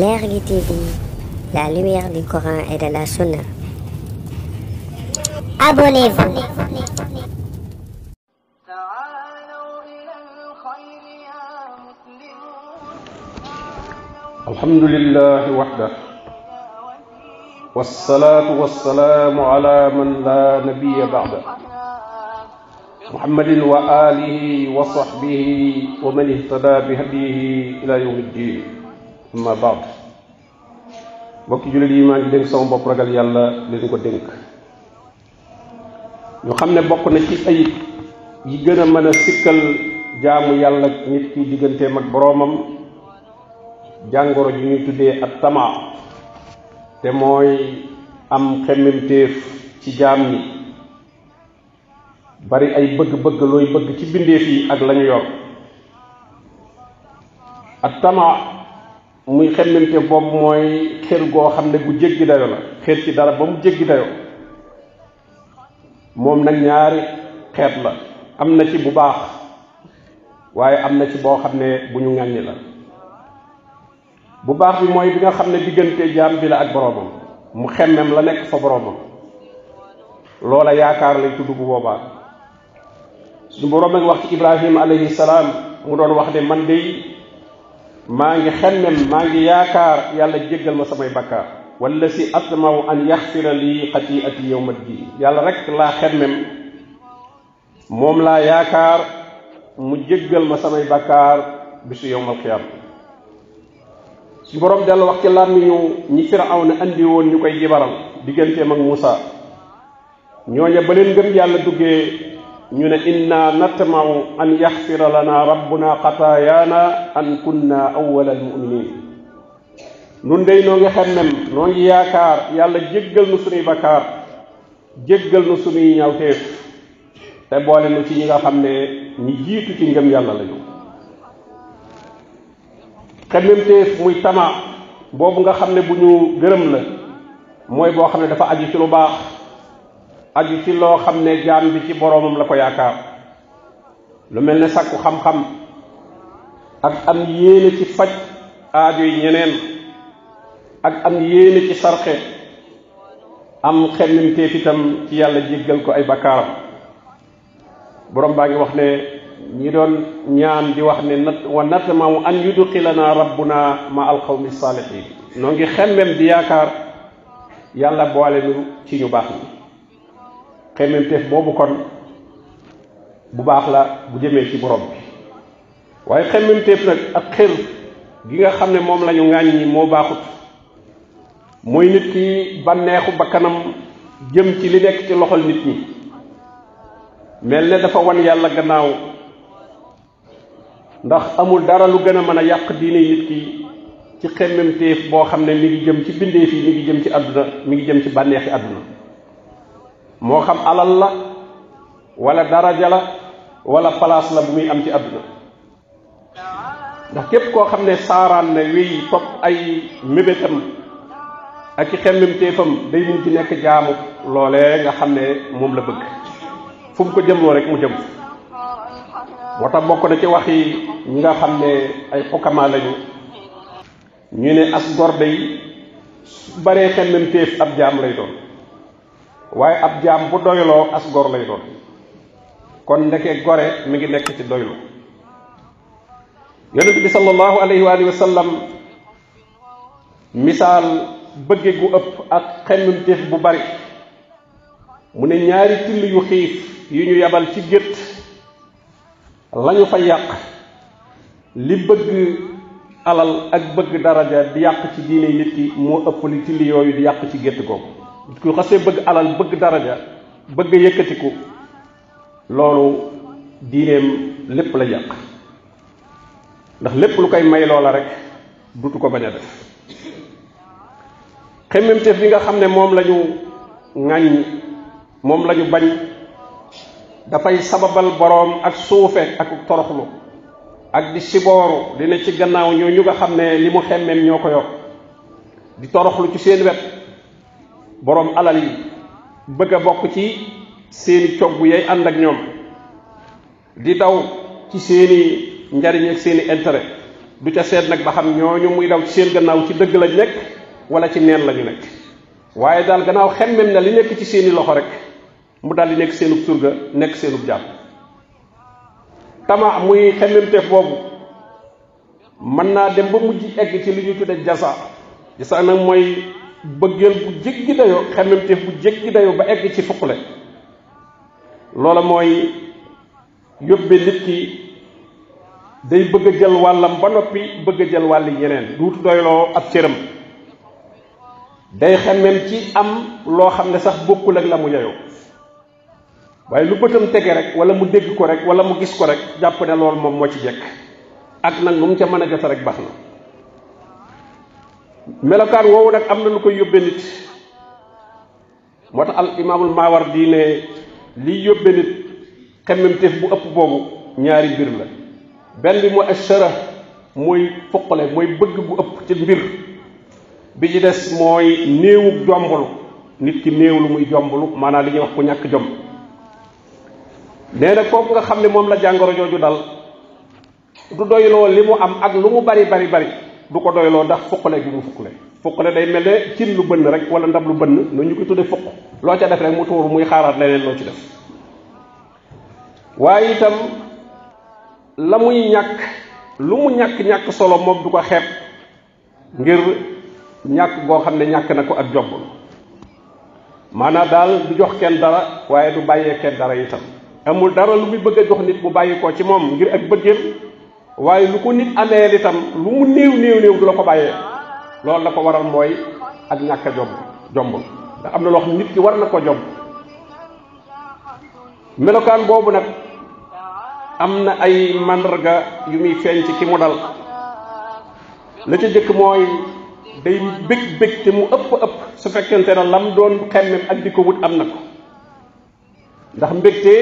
L'Ergue TV, la lumière du Coran et de la Sunna. Abonnez-vous. الحمد لله وحده والصلاة والسلام على من لا نبي بعده محمد وآله وصحبه ومن اهتدى بهديه إلى يوم الدين Ma ba'd mbokki julit yi maa ngi dénk sama bopp ragal yàlla leen ko dénk ñu xam ne bokk na ci ayib yi gën a mën a sikkal jaamu yàlla nit ki boroomam jàngoro ji ñuy tuddee ak tama te mooy am xemmemteef ci jaam ñi bari ay bëgg-bëgg looy bëgg ci bindeef yi ak lañu yor ak muy xemmante boobu mooy xër goo xam ne gu jéggi dayo la xër ci dara ba mu jéggi dayo moom nag ñaari xeet la am na ci bu baax waaye am na ci boo xam ne bu ñu ŋàññi la bu baax bi mooy bi nga xam ne diggante jaam bi la ak boroomam mu xemmem la nekk fa boroomam loola yaakaar lañ tudd bu boobaa suñu boroom wax ci Ibrahima alayhi mu doon wax ne man dey maa ngi xemmem maa ngi yaakaar yàlla jéggal ma samay bakkaar walla si asmaw an yaxfira lii xatiati ma ddin yàlla rek laa xemmem moom laa yaakaar mu jéggal ma samay bakkaar bisu yowmal xiyaam su borom dellu wax ci làmmiñu ñi firaw andi woon ñu koy jibaral digganteem ak Muusa ñooña ba leen ngëm yàlla duggee ñu ne inna natmau an yaxfira lana rabbuna qatayana an kunna awal almuminin nun day noo ngi xemmem noo ngi yaakaar yàlla jéggal nu suñuy bakaar jéggal nu suñuy ñawteef te boole nu ci ñi nga xam ne ñi jiitu ci ngëm yàlla lañu xemmemteef muy tama boobu nga xam ne bu ñu gërëm la mooy boo xam ne dafa aju ci lu baax aju ci loo xam ne jaan bi ci boroomam la ko yaakaar lu mel ne sàkku xam-xam ak am yéene ci faj aajoy ñeneen ak am yéene ci sarxe am xemmimteef itam ci yàlla jéggal ko ay bakkaaram borom baa ngi wax ne ñi doon ñaan di wax ne nat wa natmamu an yudxilana rabbuna ma alqawmi saalihin noo ngi xemmem di yaakaar yàlla boole nu ci ñu baax ñi xemmeemteef boobu kon bu baax la bu jëmee ci borom bi waaye xemmeemteef nag ak xër gi nga xam ne moom lañu ñu yi ñi moo baaxut mooy nit ki bànneexu kanam jëm ci li nekk ci loxol nit ñi mel ne dafa wan yàlla gannaaw ndax amul dara lu gën a mën a yàq diine nit ki ci xemmemteef boo xam ne mi ngi jëm ci bindeef yi mi ngi jëm ci àdduna mu ngi jëm ci bànneexi àdduna moo xam alal la wala dara jala wala place la bu muy am ci àdduna ndax képp koo xam ne saaraan ne wéy fop ay mébétam ak i xemmemteefam day mun ci nekk jaamu loole nga xam ne moom la bëgg fu mu ko jëmloo rek mu jëm moo tax bokk na ci wax yi ñi nga xam ne ay xukkamaa lañu ñu ne as gorde yi su baree xemmemteef ab jaam lay doon waaye ab jaam bu doyloo as gor kon ndeke gore mi ngi nekk ci doylu yonent bi sallallahu alayhi wa alihi wa sallam misaal ëpp ak xemmemteef bu bari mu ne ñaari till yu xiif yu ñu yabal ci gétt lañu fa yàq li bëgg alal ak bëgg daraja di yàq ci diine nit moo ëpp li yooyu di yàq ci gétt googu ku xasee bëgg alal bëgg daraja bëgg yëkkatiku loolu diineem lépp la yàq ndax lépp lu koy may loola rek dutu ko bañ a def xemmemteef yi nga xam ne moom lañu ŋàññ moom lañu bañ dafay sababal boroom ak suufe ak toroxlu ak di sibooru dina ci gannaaw ñoo ñu nga xam ne li mu xemmeem ñoo ko yor di toroxlu ci seen wet boroom alal yi bëgg a bokk ci seeni cogg yay ànd ak ñoom di daw ci seeni njariñ ak seeni intérêt du ca seet nag ba xam ñooñu muy daw ci seen gannaaw ci dëgg lañ nekk wala ci neen lañu nekk waaye daal gannaaw xemmem na li nekk ci seeni loxo rek mu daal di nekk seenub surga nekk seenub jàmm tama muy xemmemteef boobu mën naa dem ba mujj egg ci li ñu tudde jasa jasa nag mooy bëggeel bu jéggi dayoo xemmemteef bu jéggi dayoo ba egg ci fukkule loola mooy yóbbe nit ki day bëgg a jël wàllam ba noppi bëgg a jël wàlli ñeneen duutu doyloo ab cëram day xemmem ci am loo xam ne sax bokkul ak la mu yeyoo waaye lu bëtam tege rek wala mu dégg ko rek wala mu gis ko rek jàpp ne loolu moom moo ci jekk ak nag lu mu ca mën a jot rek baax na melokaan woowu nag am na lu koy yóbbe nit moo tax al imaamul Maawardi ne liy yóbbe nit xemmemteef bu ëpp boobu ñaari mbir la benn bi mooy ashara mooy foqale mooy bëgg bu ëpp ci mbir bi ci des mooy néewug jombul nit ki néew muy jomblu maanaam li ñuy wax ku ñàkk jom nee na kooku nga xam ne moom la jàngoro jooju dal du doyloo li mu am ak lu mu bari bari bari du ko doylo ndax fokole, gi mu fukkale fukkale day melé ci lu bënn rek wala ndab lu bënn no ñu ko tuddee fukk lo ca def rek mu tuur muy xaarat leneen lo ci def waye itam la muy ñàkk lu mu ñak ñak solo mom du ko xeeb ngir ñak go xamné ñak ko ak job mana dal du jox kenn dara waye du bayé kenn dara itam amul dara lu muy bëgg jox nit bu bayiko ci mom ngir ak bëggel waaye lu ko nit ameel itam lu mu néew néew néew du la ko bàyyee loolu la ko waral mooy ak ñàkk a jom jomb ndax am na loo xam nit ki war na ko jom melokaan boobu nag am na ay mandarga yu muy feeñ ci ki mu dal la ca jëkk mooy day bëgg bëgg te mu ëpp ëpp su fekkente na lam doon xemmem ak di ko wut am na ko ndax mbégte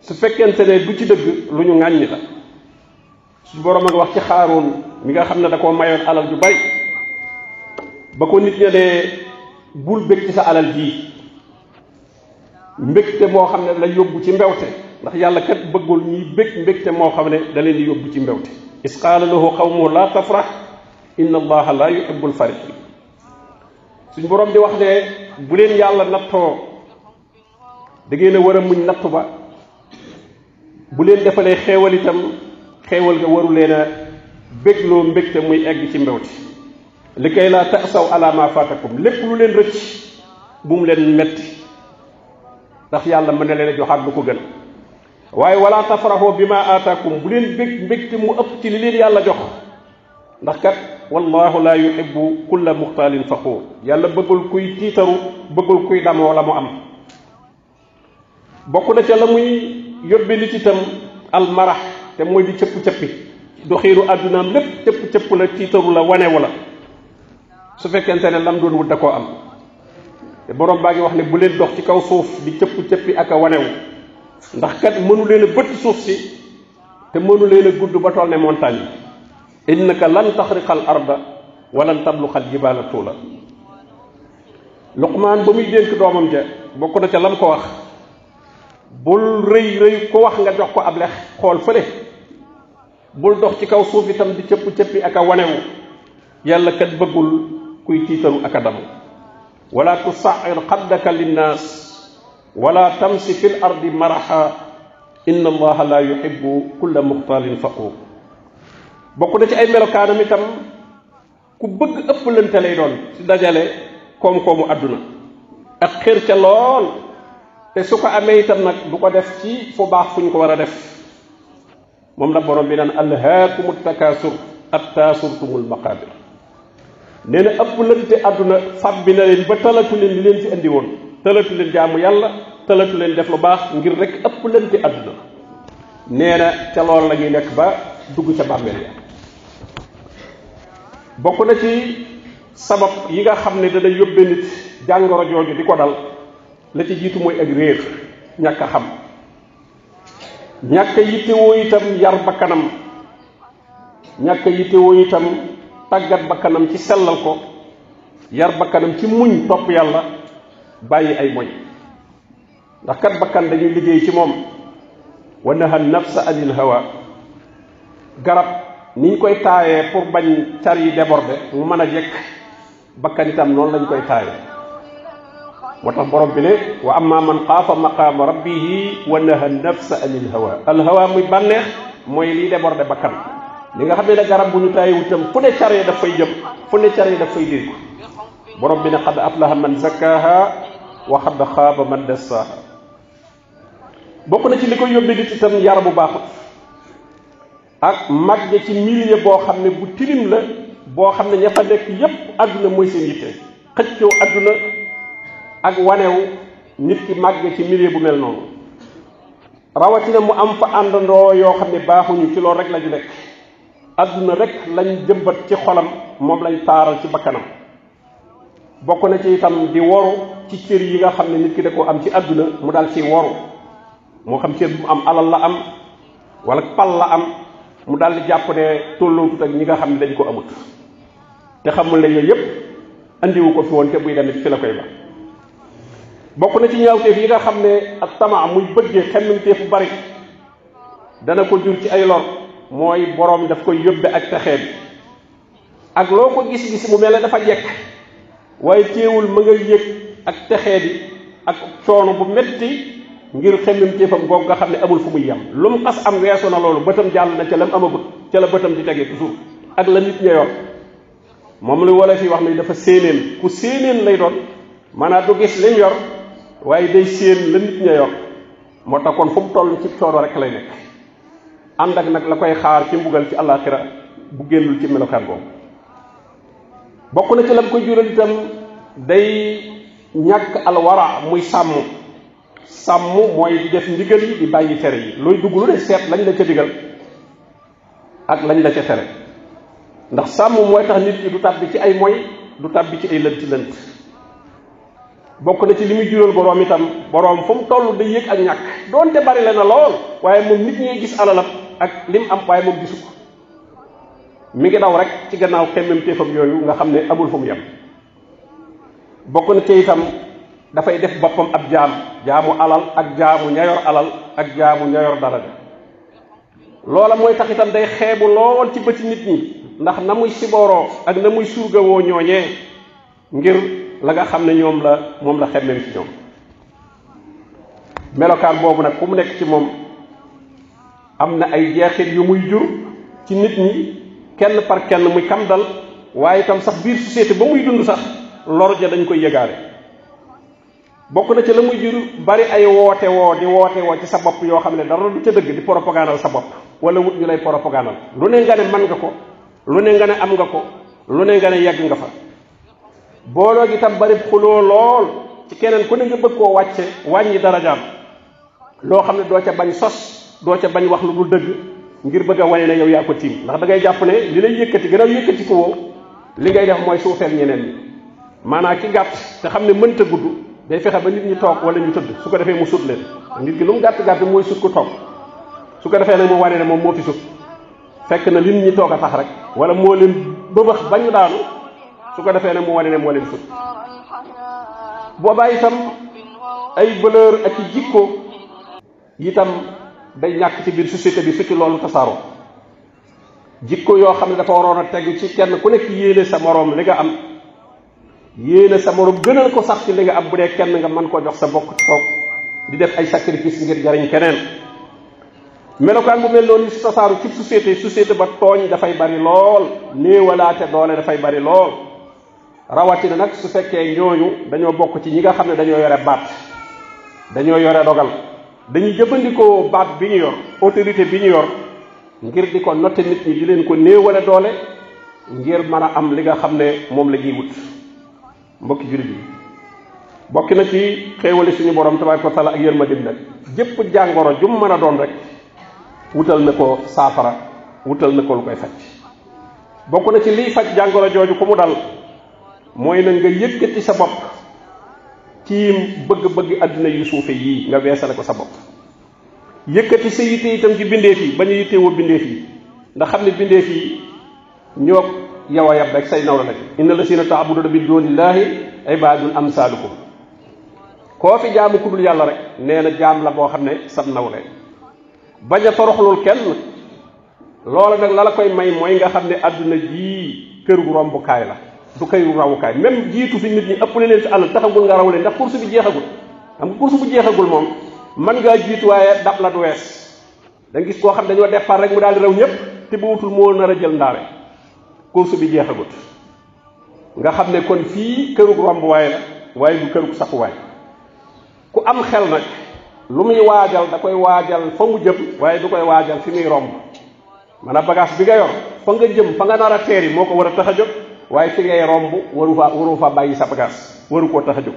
su fekkente ne du ci dëgg lu ñu ŋàññi la suñu borom wax ci xaaroon mi xam ne da koo mayoon alal ju bari ba ko nit ña ne bul bég ci sa alal jii mbégte moo xam ne la yóbbu ci mbewte ndax yàlla kat bëggul ñuy bég mbégte moo xam ne da leen di yóbbu ci mbewte is qaala lahu qawmuhu la tafrax inna allaha la yuhibbul suñ boroom di wax ne bu leen yàlla nattoo da ngeen war a muñ nattu ba bu leen defalee xéewal itam xéewal nga waru leen a bégloo mbégte muy egg ci mbewti li kay laa tasaw ala ma fatakum lépp lu leen rëcc bu mu leen metti ndax yàlla mën na leen a joxaat lu ko gën waaye wala tafraxoo bi ma aataakum bu leen bég mbégte mu ëpp ci li leen yàlla jox ndax kat wallahu la yuhibu kulla muxtaalin faxuur yàlla bëggul kuy tiitaru bëggul kuy damoo la mu am bokk na ca la muy yóbbe nit itam almarax te moy di cëpp cëpp cëppi xiru aduna lépp cëpp cëpp la tiitaru la wané wala su fekkante ne lam doon wut da ko am te borom baagi wax ne bu leen dox ci kaw suuf di cëpp cëpp ak wané wu ndax kat mënu leen a bëtt suuf ci te mënu leen gudd ba toll ne montagne innaka lan taxriqa arda walan tabluqa al jibaala tuula luqmaan ba dénk domam ja bokk na ca lam ko wax bul reuy reuy ko wax nga jox ko ab xol fële bul dox ci kaw suuf itam di cëpp cëppi ak a wanewu yàlla kat bëggul kuy tiitaru ak a damu wala tusair xaddaka linnaas wala tamsi fi ardi maraxa inna allaha la yuhibu kulla muxtaalin faqur bokk na ci ay melokaanam itam ku bëgg ëpplante lay doon ci dajale koom-koomu àdduna ak xër ca lool te su ko amee itam nag du ko def ci fu baax fuñ ko war a def moom la borom bi naan alhaakumu takaasur attaa surtumul maqaabir nee na ëpp lante àdduna fàbbi na leen ba talatu leen li leen fi andi woon talatu leen jaamu yàlla talatu leen def lu baax ngir rek ëpp lante àdduna nee na ca lool la ñuy nekk ba dugg ca bàmmeel ya bokk na ci sabab yi nga xam ne dana yóbbe nit jàngoro jooju di ko dal la ci jiitu mooy ak réer ñàkk a xam ñàkk yittewoo itam yar ba kanam ñàkk yittewoo itam tàggat ba kanam ci sellal ko yar ba ci muñ topp yàlla bàyyi ay moy ndax kat bakkan dañuy liggéey ci moom wa naha nafsa anil hawa garab ni koy taayee pour bañ car yi déborder mu mën a jekk bakkan itam lañ koy taayee وتا بروم بي واما من قاف مقام ربه ونهى النفس عن الهوى الهوى مي بانيه موي لي دبر دي بكام ليغا خامي لا غارام بو نتاي ووتام فو ني تياري دا فاي جيم فو ني تياري دا قد افلح من زكاها وقد خاب من دساها بوكو نتي ليكو يوبي دي تيتام يار بو باخ ak magge ci milie bo xamne bu tilim la bo xamne ñafa nek yep aduna moy ak wanew nit ki màgg ci milieu bu mel noonu rawatina mu am fa àndandoo yoo xam ne baaxuñu ci rek la ñu nekk adduna rek lañ jëmbat ci xolam moom lañ taaral ci bakkanam bokk na ci itam di woru ci cër yi nga xam ne nit ki da koo am ci àdduna mu daal ci woru moo xam cër bu am alal la am wala pal la am mu daal di jàpp ne tollootut ak ñi nga xam ne dañ ko amut te xamul ne yooyu yëpp andiwu ko fi woon te buy demit fi la koy ba bokku na ci ñaawteef yi nga xam ne ak tamaa muy bëggee xemmemteef bu bari dana ko jur ci ay lor mooy borom daf koy yóbbe ak texeem ak loo ko gis-gis mu mel ne dafa jekk waaye téewul ma nga yëg ak texee bi ak coono bu metti ngir xemmemteefam googu nga xam ne amul fu muy yem lum mu xas am weesu na loolu bëtam jàll na ca lam amagut ca la bëtam di tegee toujours ak la nit ña yor moom lu wala fi wax ne dafa séeneen ku séeneen lay doon maanaam du gis lim yor waaye day séen la nit ña moo tax kon fu mu toll ci coono rek lay nekk ànd ak nag la koy xaar ci mbugal ci àllaaxira bu génnul ci melokaan boobu bokk na ci la koy jural itam day ñàkk alwara muy sàmm sàmm mooy di def ndigal yi di bàyyi tere yi looy dugg lu ne seet lañ la ca digal ak lañ la ca fere ndax sàmm mooy tax nit ki du tàbbi ci ay moy du tàbbi ci ay lënt lënt bokk na ci li muy jural borom itam borom fum tollu day yek ak ñak donte bari la na lool waye mom nit ñi gis alalam ak lim am waye mom gisuko mi ngi daw rek ci gannaaw xemmem téefam yoyu nga xamne amul fum yam na ci itam fay def bopam ab jaam jaamu alal ak jaamu ñayor alal ak jaamu ñayor dara loola moy tax itam day xébu lool ci bëti nit ñi ndax namuy siboro ak namuy surga wo ngir la nga xam ne ñoom la moom la xemmem ci ñoom melokaan boobu nag ku mu nekk ci moom am na ay jeexit yu muy jur ci nit ñi kenn par kenn muy kam dal waaye tam sax biir société ba muy dund sax lor ja dañ koy yëgaale bokk na ci la muy jur bari ay woote woo di woote woo ci sa bopp yoo xam ne dara du ca dëgg di propagandal sa bopp wala wut ñu lay propagandal lu ne nga ne man nga ko lu ne nga ne am nga ko lu ne nga ne yegg nga fa booloo gi tam bari xuloo lool ci keneen ku ne nga bëgg koo wàcce wàññi darajaam loo xam ne doo ca bañ sos doo ca bañ wax lu dul dëgg ngir bëgg a wane ne yow yaa ko tiim ndax da ngay jàpp ne li lay yëkkati gën a ko woo li ngay def mooy suufeel ñeneen ñi maanaam ki gàpp te xam ne mënta gudd day fexe ba nit ñi toog wala ñu tëdd su ko defee mu sut leen nit ki lu mu gàtt gàtt mooy sut ku toog su ko defee nag mu wane ne moom moo fi sut fekk na li nit ñi toog a rek wala moo leen bëbëx ba ñu daanu su ko defee nag mu wane ne moo leen sut boobaa itam ay valeur ak ci jikko itam day ñàkk ci biir société bi su ci loolu tasaaroo jikko yoo xam ne dafa waroon a teg ci kenn ku nekk yéene sa moroom li nga am yéene sa moroom gënal ko sax ci li nga am bu dee kenn nga mën koo jox sa bokk toog di def ay sacrifice ngir jariñ keneen melokaan bu mel noonu tasaaru ci société société ba tooñ dafay bari lool néewalaate doole dafay bari lool rawatina nag su fekkee ñooñu dañoo bokk ci ñi nga xam ne dañoo yore baat dañoo yore dogal dañuy jëfandikoo baat bi ñu yor autorité bi ñu yor ngir di ko notte nit ñi di leen ko néewale doole ngir mën a am li nga xam ne moom la ñuy wut mbokki jullit yi bokki na ci xéewale suñu boroom tabaraka wa taala ak yërmandeem nag jëpp jàngoro jum mën a doon rek wutal na ko saafara wutal na ko lu koy faj bokk na ci liy faj jàngoro jooju ku mu dal mooy na nga yëkkati sa bopp ci bëgg-bëgg àdduna yu suufe yii nga weesale ko sa bopp yëkkati sa yitte tam ci bindeef yi ba a yittewoo bindeef yi ndax xam ne bindeef yi ñoo yow a yab rek say naw la nag inna la sina taabuduna min dunillahi ibadun amsaalukum koo fi jaamu ku dul yàlla rek nee na jaam la boo xam ne sam nawle bañ a toroxlul kenn loola nag la la koy may mooy nga xam ne àdduna jii kër gu rombukaay la du kay rawukaay même jiitu fi nit ñi ëpp leen ci alal taxagul nga raw leen ndax course bi jeexagul xam nga course bu jeexagul moom man ngaa jiitu waaye dab la du wees da gis koo xam dañoo départ rek mu daal di raw ñëpp te bu wutul moo nar a jël ndaare course bi jeexagut nga xam ne kon fii kërug romb waaye la waaye du kërug saxuwaay ku am xel nag lu muy waajal da koy waajal fa mu jëm waaye du koy waajal fi muy romb man bagage bi nga yor fa nga jëm fa nga nar a teeri moo ko war a tax a waye fi ngay romb waru fa waru fa bayyi sa bagage waru ko taxaju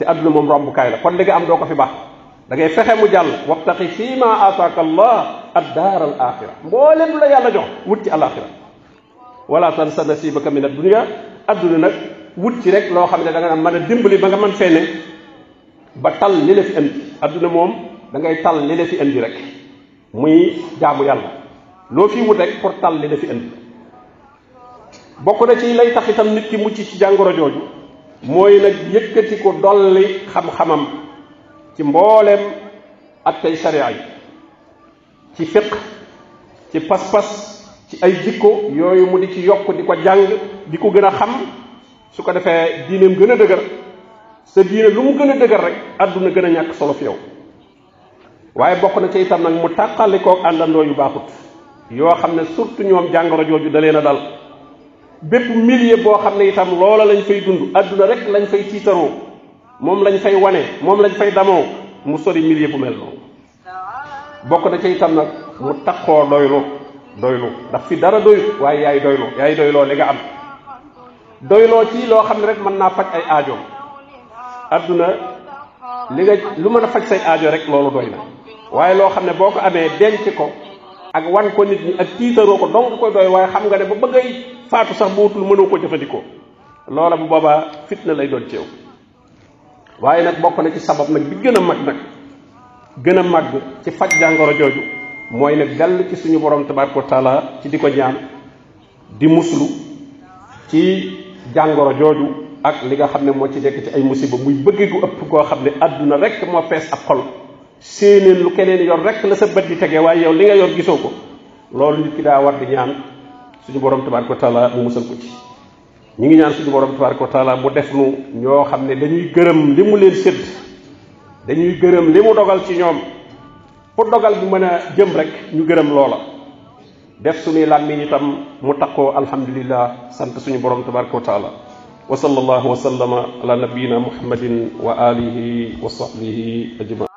te jóg mom àdduna kay la kon diga am do ko fi bax da ngay fexé mu jall waqtaqi fi ma ataka allah ad-dar al axira mboolem la yalla jox wutti al akhirah wala tan nasibaka min ad-dunya nag nak wutti rek lo xamne da nga mën a dimbali ba nga man fene ba tal li la fi mom da ngay tal li la fi rek muy jaamu yalla lo fi wut rek pour tal li la fi bokk na ci lay tax itam nit ki mucc ci jàngoro jooju mooy nag yëkkati ko dolli xam-xamam ci mbooleem ak tey sharia yi ci fiq ci pas-pas ci ay jikko yooyu mu di ci yokk di ko jàng di ko gën a xam su ko defee diineem gën a dëgër sa diine lu mu gën a dëgër rek àdduna gën a ñàkk solo fi yow waaye bokk na ci itam nag mu tàqali kook àndandoo yu baaxut yoo xam ne surtout ñoom jàngoro jooju da na a dal bépp milieu boo xam ne itam loola lañ fay dund àdduna rek lañ fay tiitaroo moom lañ fay wane moom lañ fay damoo mu sori milieu bu mel noonu bokk na ci itam nag mu taxoo doylu doylu ndax fi dara doy waaye yaay doylu yaay doyloo li nga am doyloo ci loo xam ne rek mën naa faj ay aajo àdduna li nga lu mën a faj say aajo rek loolu doy na waaye loo xam ne boo ko amee denc ko ak wan ko nit ñi ak tiitaroo ko donc koy doy waaye xam nga ne ba bëggay faatu sax bootul mënoo ko jëfandikoo loola bu boobaa fitna lay doon teew waaye nag bokk na ci sabab nag bi gën a mag nag gën a màgg ci faj jàngoro jooju mooy ne gàll ci suñu borom tabaraka wa taala ci di ko ñaan di muslu ci jàngoro jooju ak li nga xam ne moo ci nekk ci ay musiba muy bëgg gu ëpp koo xam ne rek moo fees ak xol séeneen lu keneen yor rek la sa bët di tege waaye yow li nga yor gisoo ko loolu nit ki daa war di ñaan suñu borom tabaar ko taala mu musal ko ci ñi ngi ñaan suñu borom tabaar ko taala mu def nu ñoo xam ne dañuy gërëm li mu leen sedd dañuy gërëm li mu dogal ci ñoom pour dogal bu mën a jëm rek ñu gërëm loola def suñuy làmmiñ itam mu takkoo alhamdulillah sant suñu borom tabaar ko taala wa sallallahu wa sallama ala nabiyina muhammadin wa alihi wa sahbihi ajmain